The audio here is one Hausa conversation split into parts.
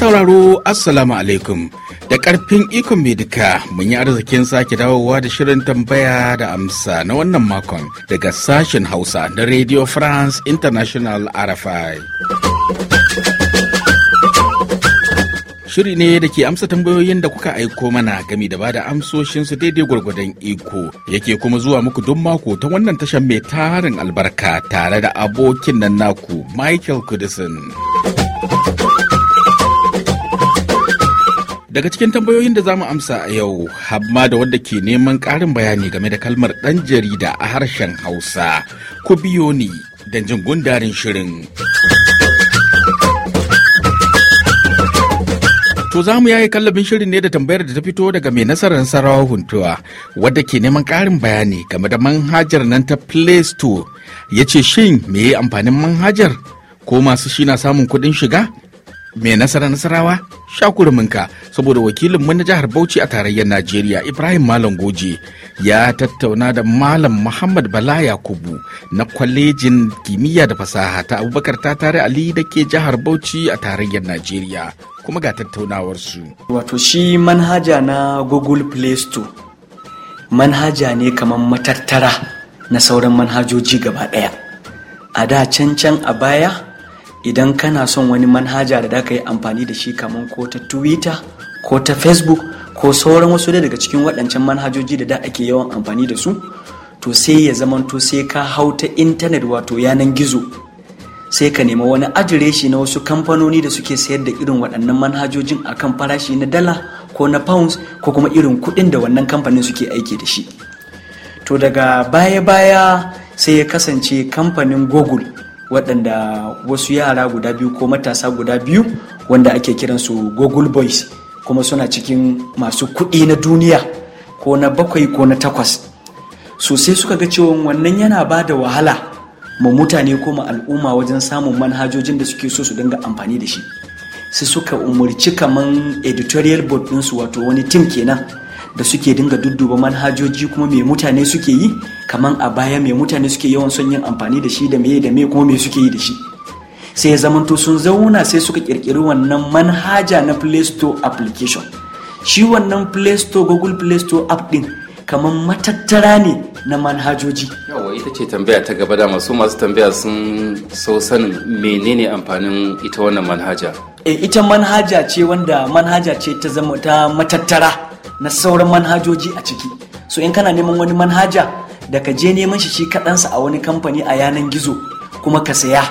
sauraro assalamu alaikum da karfin ikon mai duka mun yi arzikin sake dawowa da shirin tambaya da amsa na wannan makon daga sashen hausa na radio france international rfi shiri ne da ke amsa tambayoyin da kuka aiko mana game da bada amsoshinsu daidai gwargwadon iko yake kuma zuwa muku don mako ta wannan tashar mai tarin albarka tare da abokin nan naku michael kudisin Daga cikin tambayoyin da zamu amsa a yau, hamma da wadda ke neman ƙarin bayani game da kalmar ɗan jarida a harshen Hausa, ku biyo ni don jin gundarin shirin. To za mu yayi kallabin shirin ne da tambayar da ta fito daga mai nasarar sarawa huntuwa wadda ke neman ƙarin bayani game da manhajar nan ta Play Store. Ya ce shin me ya amfanin manhajar ko masu shi na samun kuɗin shiga? mai nasara nasarawa Sha shakuruminka saboda wakilin mu na jihar bauchi a tarayyar najeriya ibrahim malam goje ya tattauna da malam muhammad bala yakubu na kwalejin kimiyya da fasaha ta abubakar ta tare ali da ke jihar bauchi a tarayyar najeriya kuma ga tattaunawarsu wato shi manhaja na google play store manhaja ne kamar matattara na sauran manhajoji gaba ɗaya a da can can a baya idan kana son wani manhaja da da ka yi amfani da shi kamar ko ta twitter ko ta facebook ko sauran wasu daga cikin waɗancan manhajoji da da ake yawan amfani da su to sai ya zamanto sai ka hau ta intanet wato yanan gizo sai ka nemi wani adireshi na wasu kamfanoni da suke sayar da irin waɗannan manhajojin akan farashi na dala ko na pounds ko kuma irin kuɗin da wannan kamfanin suke aiki da shi to daga baya-baya sai ya kasance kamfanin google waɗanda wasu yara guda biyu ko matasa guda biyu wanda ake kiransu google boys kuma suna cikin masu kuɗi na duniya ko na bakwai ko na takwas sosai suka ga cewa wannan yana ba da wahala ma mutane ko ma al'umma wajen samun manhajojin da suke so su dinga amfani da shi sai suka umarci kaman editorial board ɗinsu wato wani tim kenan da suke dinga dudduba manhajoji kuma me mutane suke yi kaman a baya me mutane suke yawan son yin amfani da shi da meye da me kuma me suke yi da shi sai ya zamanto sun zauna sai suka kirkiri wannan manhaja na play store application shi wannan play store google play store app din kamar matattara ne na manhajoji yawa ita ce tambaya ta gaba da masu masu tambaya sun so sanin menene amfanin ita wannan manhaja e, ita manhaja ce wanda manhaja ce ta zama ta matattara na sauran manhajoji a ciki so in kana neman wani manhaja da ka je neman shi shi kaɗansa a wani kamfani a yanan gizo kuma ka saya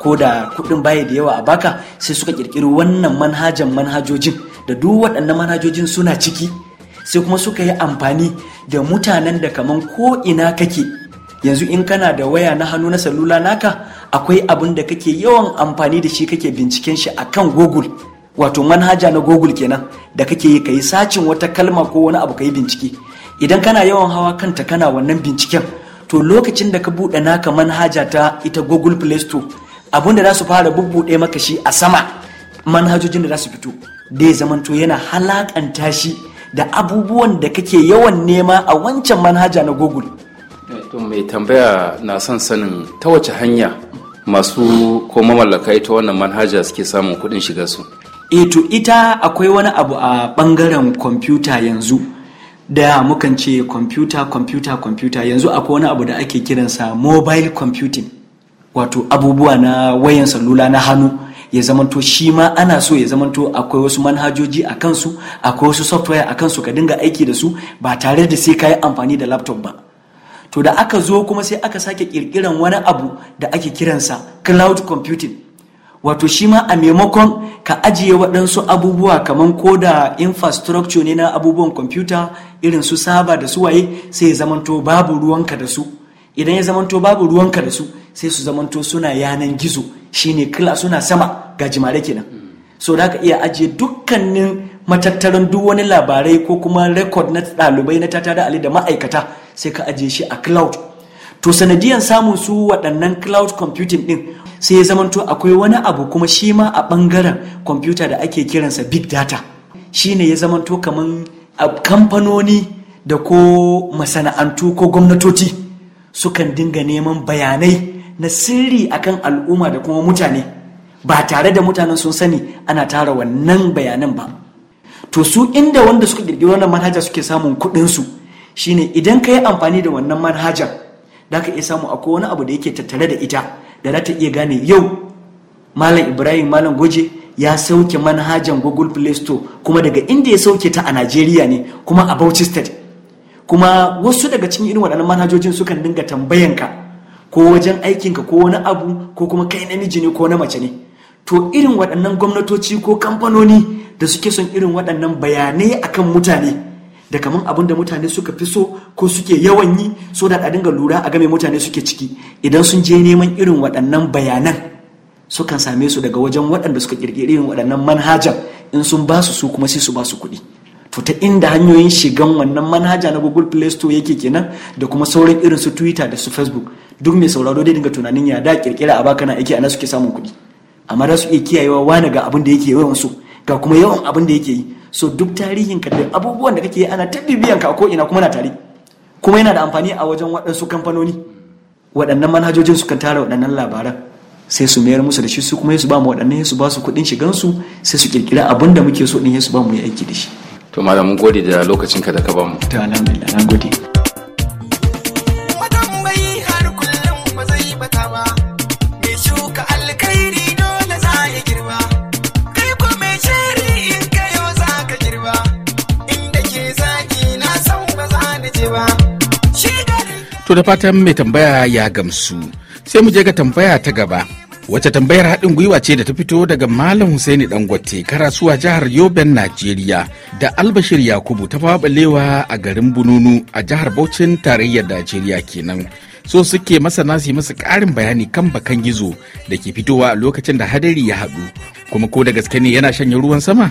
ko da kuɗin baya da yawa a baka sai suka ƙirƙiri wannan manhajan manhajojin da duk waɗannan manhajojin suna ciki sai kuma suka yi amfani da mutanen da kaman ko ina kake yanzu in kana da waya na hannu na salula naka akwai abin da kake yawan amfani da shi kake binciken shi akan google wato manhaja na google kenan da kake yi ka yi sacin wata kalma ko wani abu ka yi bincike idan kana yawan hawa kanta kana wannan binciken to lokacin da ka buɗe naka manhaja ta ita google play store da za su fara bubbuɗe maka shi a sama manhajojin da za su fito da ya zamanto yana halakanta shi da abubuwan da kake yawan nema a wancan manhaja na google eh, mai tambaya na son sanin ta wace hanya masu ko mamallaka ita wannan manhaja suke samun kuɗin shiga su e to ita akwai wani abu a ɓangaren kwamfuta yanzu da mukan ce kwamfuta kwamfuta kwamfuta yanzu akwai wani abu da ake kiransa mobile computing wato abubuwa na wayan salula na hannu ya zamanto shi ma ana so ya zamanto akwai wasu manhajoji a kansu akwai wasu software a kansu ka dinga aiki da su ba tare da sai ka yi amfani da laptop ba to da aka zo kuma sai aka sake kirkiran wani abu da ake kiransa cloud computing wato shi ma a maimakon ka ajiye waɗansu abubuwa kamar ko da infrastructure ne na abubuwan kwamfuta irin su saba da su waye sai ya zamanto babu ruwanka da su idan ya zamanto babu ruwanka da su sai su zamanto suna yanan gizo shine kila suna sama ga jimare kenan so da ka iya ajiye dukkanin matattaran duk wani labarai ko kuma rekod na ɗalibai na da ali da ma'aikata sai ka ajiye shi a cloud to sanadiyan samun su waɗannan cloud computing ɗin sai ya zamanto akwai wani abu kuma shi ma a ɓangaren kwamfuta da ake kiransa big data shi ne ya zamanto kaman kamfanoni da ko masana'antu ko gwamnatoci sukan dinga neman bayanai na sirri akan al'umma da kuma mutane ba tare da mutanen sun sani ana tara wannan bayanan ba to su inda wanda suka kirkiri wannan manhaja suke samun kuɗinsu shine idan ka yi amfani da wannan manhajar da ka iya samu akwai wani abu da yake tattare da ita da za ta iya gane yau malam ibrahim malam goje ya sauke manhajan google play store kuma daga inda ya sauke ta a najeriya ne kuma a bauchi state kuma wasu daga cikin irin waɗannan manhajojin sukan dinga tambayanka ko wajen aikinka ko wani abu ko kuma kai namiji ne ko na mace ne to irin waɗannan gwamnatoci ko kamfanoni da suke son irin waɗannan bayanai akan mutane da kaman abin da mutane suka fi so ko suke yawan yi so da a dinga lura a game mutane suke ciki idan sun je neman irin waɗannan bayanan sukan same su daga wajen waɗanda suka ƙirƙiri irin waɗannan manhajan in sun ba su su kuma sai su ba su kuɗi to ta inda hanyoyin shigan wannan manhaja na google play store yake kenan da kuma sauran irin su twitter da su facebook duk mai sauraro dai dinga tunanin ya da ƙirƙira a baka na aiki ana suke samun kuɗi amma da su iya kiyayewa wani ga abin da yake yawan su ga kuma yawan abin da yake yi so duk tarihin ka da abubuwan da kake yi ana ta bibiyan ka ko ina kuma na tare kuma yana da amfani a wajen waɗansu kamfanoni waɗannan manhajojin su kan tara waɗannan labaran sai su mayar musu da shi su kuma su ba mu waɗannan su ba su kuɗin shigansu sai su kirkira abin da muke so ɗin yasu ba mu yi aiki da shi to malamin gode da lokacin ka da ka ba mu ta alhamdulillah na gode to da fatan mai tambaya ya gamsu sai mu je ga tambaya ta gaba wace tambayar haɗin gwiwa ce da ta fito daga malam husaini dangote karasuwa jihar yoben najeriya da albashir yakubu ta faɓalewa a garin bununu a jihar Bauchin tarayyar najeriya kenan so suke masana su masa ƙarin bayani kan bakan gizo da ke fitowa a lokacin da hadari ya haɗu kuma ko da gaske ne yana shanye ruwan sama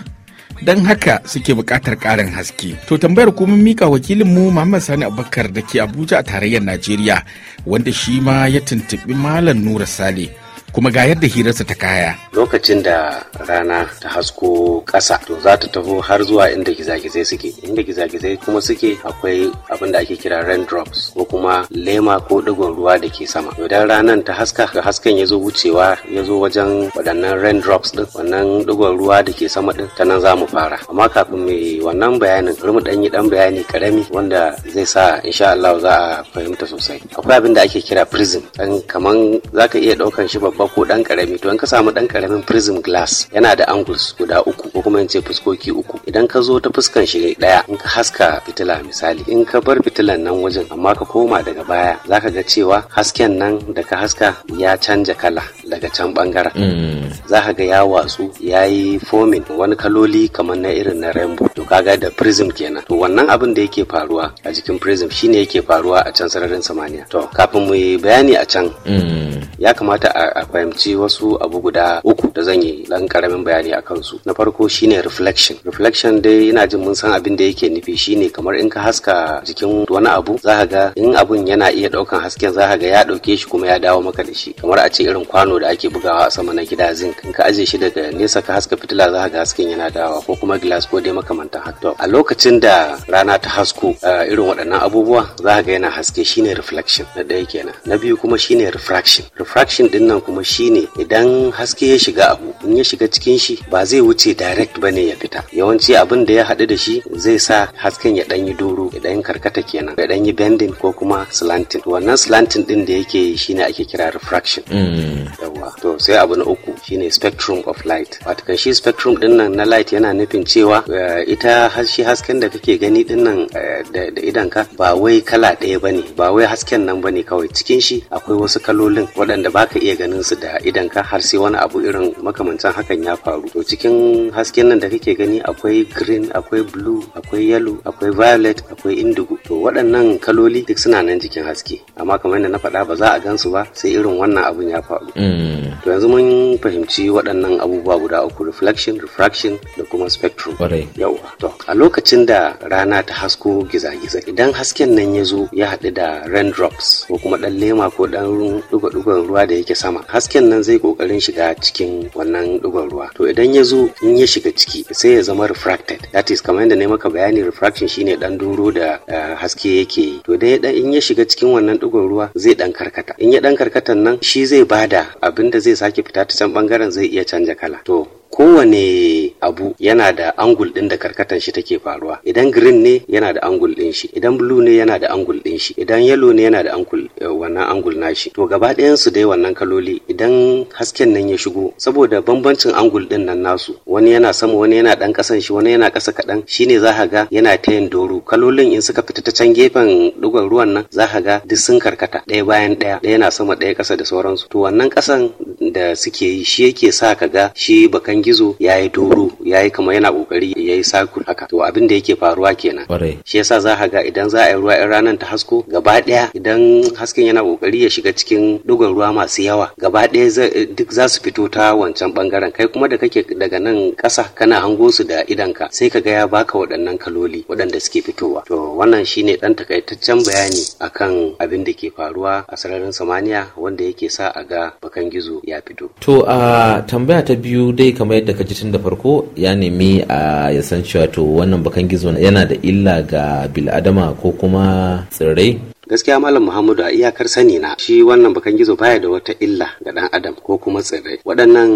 don haka suke buƙatar ƙarin haske. To tambayar kuma mika wakilin mu Muhammad Sani Abubakar da ke Abuja a tarayyar Najeriya wanda shi ma ya tuntuɓi Malam Nura Sale kuma ga yadda hirarsa ta kaya. Lokacin da rana ta hasko ƙasa to za ta taho har zuwa inda gizagizai suke. Inda gizagizai kuma suke akwai abin da ake kira raindrops ko kuma lema ko digon ruwa da ke sama. Idan ranar ta haska ga hasken ya zo wucewa ya zo wajen waɗannan raindrops ɗin wannan digon ruwa da ke sama ɗin ta nan za mu fara. Amma kafin mai wannan bayanin bari mu ɗan yi ɗan bayani ƙarami wanda zai sa insha Allah za a fahimta sosai. Akwai abin da ake kira prism ɗan kaman za ka iya ɗaukan shi babban ko dan karami to in ka samu dan karamin prism glass yana da angles guda uku ko kuma in ce fuskoki uku idan ka zo ta fuskan shi daya in ka haska fitila misali in ka bar fitilan nan wajen amma ka koma daga baya zaka ga cewa hasken nan da ka haska ya canja kala daga can bangara. Mm. za ka ga ya watsu ya yi fomin wani kaloli kamar na irin na rainbow to kaga da prism kenan to wannan abin da yake faruwa a jikin prism shine yake faruwa a can sararin samaniya to kafin mu yi bayani a can mm. ya kamata a fahimci wasu abu guda uku da zan yi dan karamin bayani a kansu. na farko shine reflection reflection dai yana jin mun san abin da yake nufi shine kamar in ka haska jikin wani abu za ga in abun yana iya daukan hasken za ga ya dauke shi kuma ya dawo maka da shi kamar a ce irin kwano da ake bugawa a sama na gida zinc in ka aje shi daga nesa ka haska fitila za ga hasken yana dawa ko kuma glass ko dai makamantan haka a lokacin da rana ta hasko eh, irin waɗannan abubuwa za ga yana haske shine reflection na ɗaya kenan na biyu kuma shine refraction refraction din nan kuma shine idan haske ya shiga abu in ya shiga cikin shi ba zai wuce direct bane ya fita yawanci abin da ya haɗu da shi zai sa hasken ya ɗanyi doro ya ɗan karkata kenan ya ɗanyi bending ko kuma slanting wannan slanting din da yake yi shine ake kira refraction mm. yawa to sai abu na uku shine spectrum of light wato shi spectrum din nan na light yana nufin cewa eh, ita shi hasken da kake gani din nan eh, da idan ka ba wai kala ɗaya bane ba wai hasken nan bane kawai cikin shi akwai wasu kalolin waɗanda baka iya ganin su su da idan ka har sai wani abu irin makamancin hakan ya faru to cikin hasken nan da kake gani akwai green akwai blue akwai yellow akwai violet akwai indigo to waɗannan kaloli duk suna nan cikin haske amma kamar yadda na faɗa ba za a gansu ba sai irin wannan abun ya faru mm. to yanzu mun fahimci waɗannan abubuwa guda uku reflection refraction da kuma spectrum yawa to a lokacin da rana ta hasko gizagiza idan hasken nan ya zo ya haɗu da raindrops ko kuma ɗan lema ko ɗan ɗuga-ɗugan ruwa da yake sama hasken nan zai kokarin shiga cikin wannan digon ruwa to idan ya zo in ya shiga ciki sai ya zama refracted that is kamar yadda na maka bayani refraction shine dan duro da eh, haske yake yi to idan in ya shiga cikin wannan digon ruwa zai dan karkata in ya dan karkatan nan shi zai bada abinda zai sake fita ta can bangaren zai iya canja kala to kowane abu yana da angul ɗin da karkatan shi take faruwa idan green ne yana da angul ɗin shi idan blue ne yana da angul ɗin shi idan yellow ne yana da angul eh, wannan angul nashi to gaba ɗayan su dai wannan kaloli idan hasken nan ya shigo saboda bambancin angul ɗin nan nasu wani yana sama wani yana ɗan ƙasan shi wani yana ƙasa kaɗan shine za ka ga yana ta yin doro kalolin in suka fita ta can gefen ɗigon ruwan nan za ka ga duk sun karkata ɗaya bayan ɗaya ɗaya yana sama ɗaya ƙasa da sauransu to wannan ƙasan da suke yi shi yake sa ka ga shi bakan gizo ya yi doro ya yi kama yana kokari ya yi sakul haka to abin da yake faruwa kenan shi yasa za ka ga idan za a yi ruwa 'yan ranar ta hasko gaba daya idan hasken yana kokari ya shiga cikin dugon ruwa masu yawa gaba daya duk za su fito ta wancan bangaren kai kuma da kake daga nan ƙasa kana hango su da ka sai ka ga ya baka waɗannan kaloli waɗanda suke fitowa to wannan shine ɗan takaitaccen bayani akan abin da ke faruwa a sararin samaniya wanda yake sa a ga bakan gizo ya fito to a tambaya ta biyu dai kamar yadda ka ji tun da farko ya nemi a ya san cewa to wannan bakan gizo yana da illa ga bil'adama ko kuma tsirrai gaskiya malam muhammadu a iyakar sani na shi wannan bakan gizo baya da wata illa ga dan adam ko kuma tsirrai waɗannan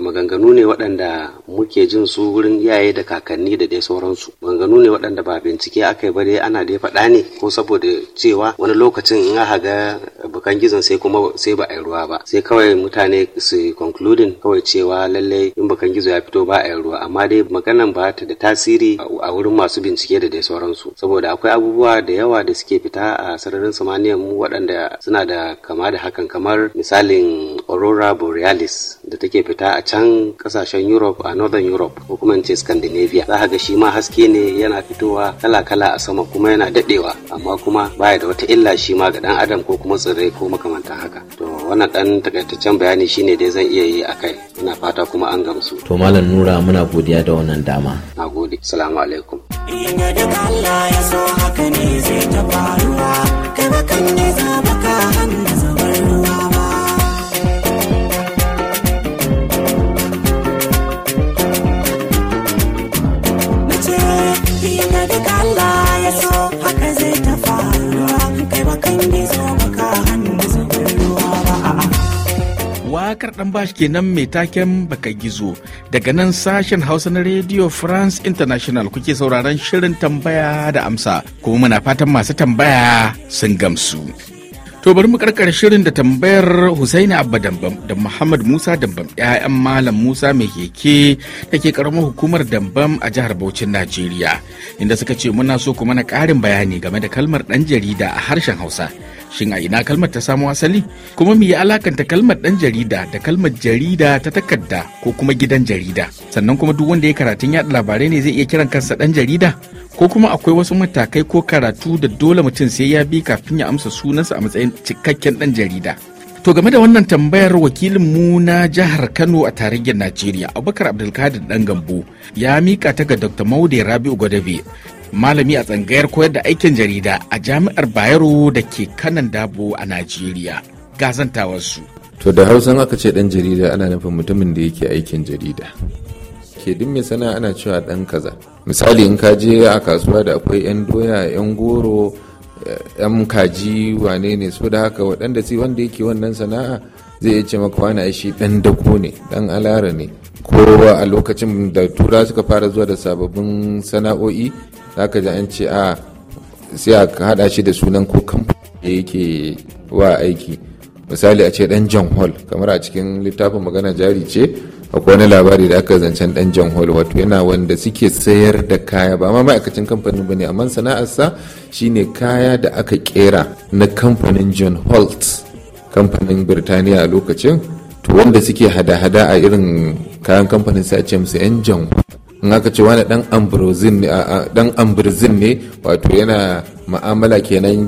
maganganu ne waɗanda muke jin su wurin iyaye da kakanni da dai sauransu maganganu ne waɗanda ba bincike aka yi ba dai ana dai faɗa ne ko saboda cewa wani lokacin in aka ga bakan gizon sai kuma sai ba a yi ruwa ba sai kawai mutane su concluding kawai cewa lallai in bakan gizo ya fito ba a yi ruwa amma dai maganan ba ta da tasiri a wurin masu bincike da dai sauransu saboda akwai abubuwa da yawa da suke fita a sararin samaniya mu waɗanda suna da kama da hakan kamar misalin aurora borealis da take fita a can kasashen europe a northern europe ko kuma ce scandinavia za ga shi ma haske ne yana fitowa kala-kala a sama kuma yana daɗewa amma kuma baya da wata illa shi ma ga ɗan adam ko kuma tsirrai ko makamantan haka to wannan dan takaitaccen bayani shine dai zan iya yi a kai ina fata kuma an gamsu to malam nura muna godiya da wannan dama na gode assalamu alaikum Allah ya so haka ne zai ta faruwa kana kan ne zaba ka hannu dan bashi kenan mai taken baka gizo daga nan sashen hausa na radio france international kuke sauraron shirin tambaya da amsa kuma muna fatan masu tambaya sun gamsu To bari mu karkar shirin da tambayar Husaini Abba Dambam da Muhammad Musa Dambam ‘ya'yan Malam Musa mai keke da ke karamar hukumar Dambam a jihar Bauchin Najeriya, inda suka ce muna so kuma na karin bayani game da kalmar dan jarida a harshen Hausa Shin a ina kalmar ta samo asali? Kuma me ya alakanta kalmar ɗan jarida da kalmar jarida ta takarda ko kuma gidan jarida? Sannan kuma duk wanda ya karatun yaɗa labarai ne zai iya kiran kansa ɗan jarida? Ko kuma akwai wasu matakai ko karatu da dole mutum sai ya bi kafin ya amsa sunansa a matsayin cikakken ɗan jarida? To game da wannan tambayar wakilin mu na jihar Kano a tarayyar Najeriya, Abubakar Abdulkadir Dan Gambo ya mika ta ga Dr. Maude Rabi'u Gwadabe, malami a tsangayar koyar da aikin jarida a jami'ar bayero da ke kanan dabo a najeriya gazantawarsu to da hausan aka ce dan jarida ana nufin mutumin da yake aikin jarida ke duk mai sana ana cewa dan kaza misali in ka je a kasuwa da akwai yan doya yan goro yan kaji wane ne so da haka waɗanda sai wanda yake wannan sana'a zai iya ce maka wani shi dan dako ne dan alara ne ko a lokacin da tura suka fara zuwa da sababbin sana'o'i za ka ji an ce a ah, sai a haɗa shi da sunan ko kamfani da yake wa aiki misali a ce dan john hall kamar a cikin littafin magana jari ce akwai wani labari da aka zancen dan john hall wato yana wanda suke sayar da kaya ba ma ma'aikacin kamfanin ba ne amma sana'arsa shine kaya da aka kera na kamfanin john holt kamfanin birtaniya a lokacin to wanda suke hada-hada a irin kayan kamfanin sa a ce musu yan john in aka ce wani dan ambrozin ne dan ne wato yana ma'amala kenan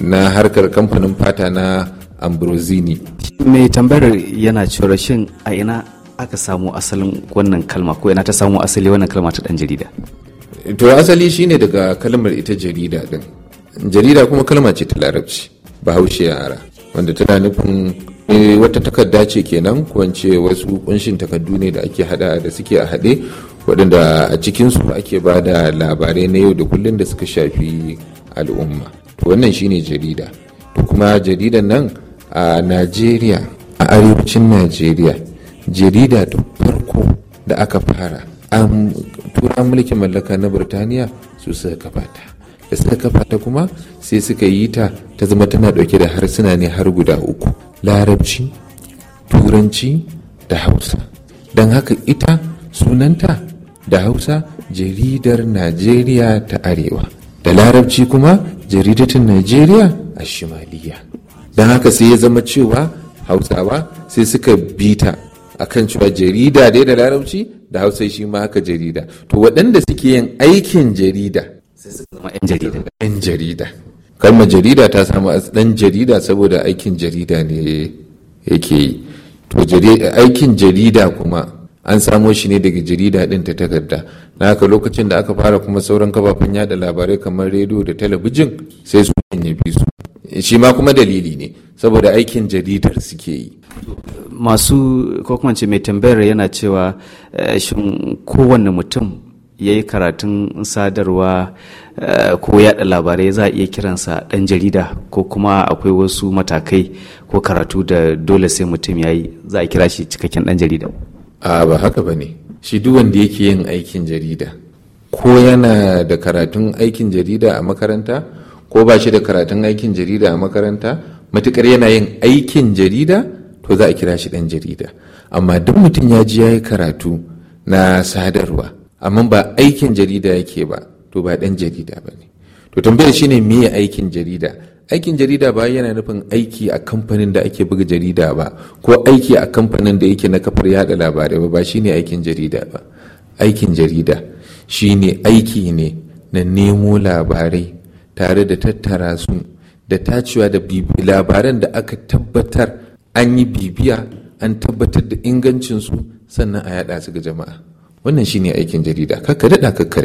na harkar kamfanin fata na ambrozini mai tambayar yana cewa shin a ina aka samu asalin wannan kalma ko ina ta samu asali wannan kalma ta dan jarida to asali shine daga kalmar ita jarida din jarida kuma kalma ce ta larabci bahaushe yara wanda tana nufin eh, wata takarda ce kenan ko wasu kunshin takardu ne da ake hada da suke a haɗe waɗanda a cikinsu ake ba da labarai na yau da kullum da suka shafi al'umma to wannan shine jarida to kuma jaridan nan a najeriya a arewacin najeriya jarida ta farko da aka fara an tura mulkin mallaka na birtaniya su suka kafa ta da suka kafa ta kuma sai suka yi ta ta zama tana ɗauke da harsuna ne har guda uku larabci turanci da hausa don haka ita sunanta da hausa jaridar najeriya ta arewa da larabci kuma jaridatin najeriya a shimaliya don haka sai ya zama cewa hausawa sai suka bita akan cewa jarida dai da larabci da hausa shi ma haka jarida to waɗanda suke yin aikin jarida sai suka zama 'yan jarida 'yan jarida jarida ta samu ɗan jarida saboda aikin jarida ne yake yi to aikin jarida kuma an samo shi ne daga jarida ɗin ta takarda na haka lokacin da aka fara kuma sauran kafafen yada labarai kamar rediyo da talabijin sai su ya bi su shi ma kuma dalili ne saboda aikin jaridar suke yi masu ko mai tambayar yana cewa eh, shin kowanne mutum ya yi karatun sadarwa eh, ko yada labarai za a iya kiransa dan jarida ko kuma akwai wasu matakai ko karatu da dole sai mutum ya yi za a kira shi cikakken dan jarida a ba haka ba ne shi duk wanda yake yin aikin jarida ko yana da karatun aikin jarida a makaranta ko ba shi da karatun aikin jarida a makaranta matukar yana yin aikin jarida to za a kira shi dan jarida amma duk mutum ya ji ya yi karatu na sadarwa amma ba aikin jarida yake ba to ba dan jarida ba ne to tambayar shine me aikin jarida aikin jarida ba yana nufin aiki a kamfanin da ake buga jarida ba ko aiki a kamfanin da yake na kafar yada labarai ba ba shine aikin jarida ba aikin jarida shine aiki ne na nemo labarai tare da tattara su da tacewa da labaran da aka tabbatar an yi bibiya an tabbatar da ingancinsu sannan a yada su ga jama'a wannan shine aikin jarida kakka daɗa kakka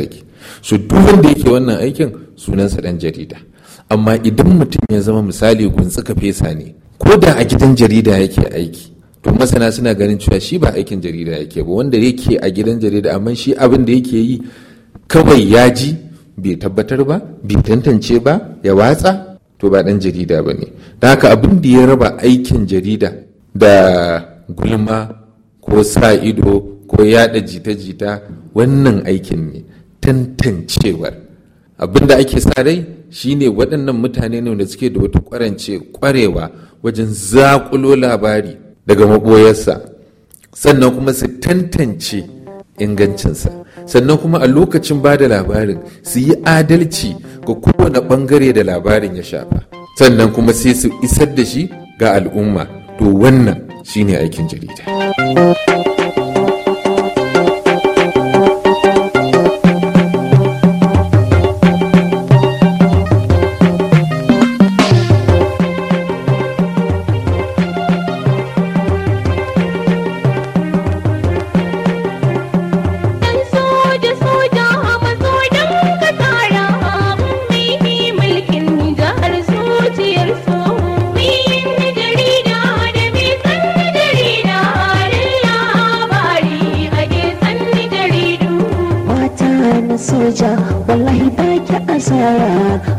Su duk wanda yake wannan aikin sunansa ɗan jarida amma idan mutum ya zama misali guntsuka fesa ne ko da a gidan jarida yake aiki to masana suna ganin cewa shi ba aikin jarida yake ba wanda yake a gidan jarida amma shi abin da yake yi kawai ya ji bai tabbatar ba bai tantance ba ya watsa to ba dan jarida ba ne da haka abin da ya raba aikin jarida da gulma ko sa ido ko yada jita-jita wannan aikin ne tantancewar abin da ake sa rai shine waɗannan mutane ne da suke da wata ƙwarance ƙwarewa wajen zaƙulo labari daga maɓoyarsa sannan kuma su tantance ingancinsa sannan kuma a lokacin ba da labarin su yi adalci ga kowane ɓangare da labarin ya shafa sannan kuma sai su isar da shi ga al'umma to wannan shine aikin jarida.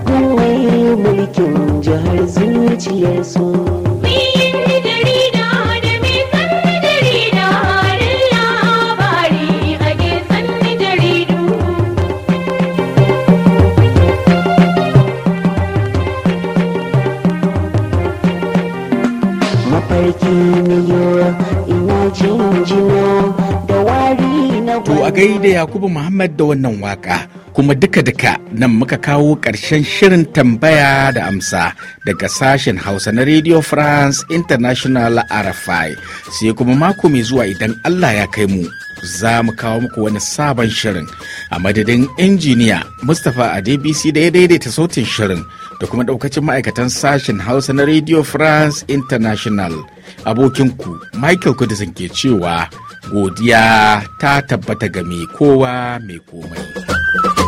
kowai mulkin jihar zuciyarsu mafarki miliyoyin ina jinjino da wari na To a gaida Yakubu Muhammad da wannan waka. kuma duka-duka nan muka kawo ƙarshen shirin tambaya da amsa daga sashen hausa na radio france international rfi sai kuma mako mai zuwa idan allah ya kai mu za mu kawo muku wani sabon shirin a madadin injiniya mustapha dbc da ya daidaita sautin shirin da kuma daukacin ma'aikatan sashen hausa na radio france international abokinku michael kudisin ke cewa godiya ta tabbata ga mai kowa mai komai